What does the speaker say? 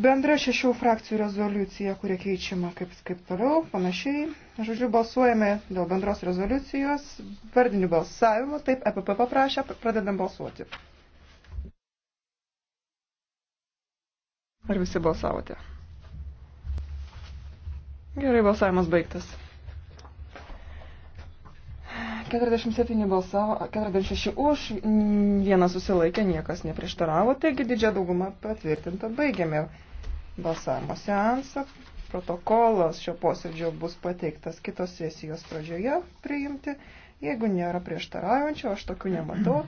bendra šešių frakcijų rezoliucija, kuria keičiama kaip, kaip toliau, panašiai. Žodžiu, balsuojame dėl bendros rezoliucijos, vardinių balsavimų, taip EPP paprašė, pradedam balsuoti. Ar visi balsavote? Gerai, balsavimas baigtas. 47 balsavo, 46 už, vienas susilaikė, niekas neprieštaravo, taigi didžia dauguma patvirtinta. Baigėme balsavimo seansą. Protokolas šio posėdžio bus pateiktas kitos sesijos pradžioje priimti. Jeigu nėra prieštaraujančio, aš tokių nematau.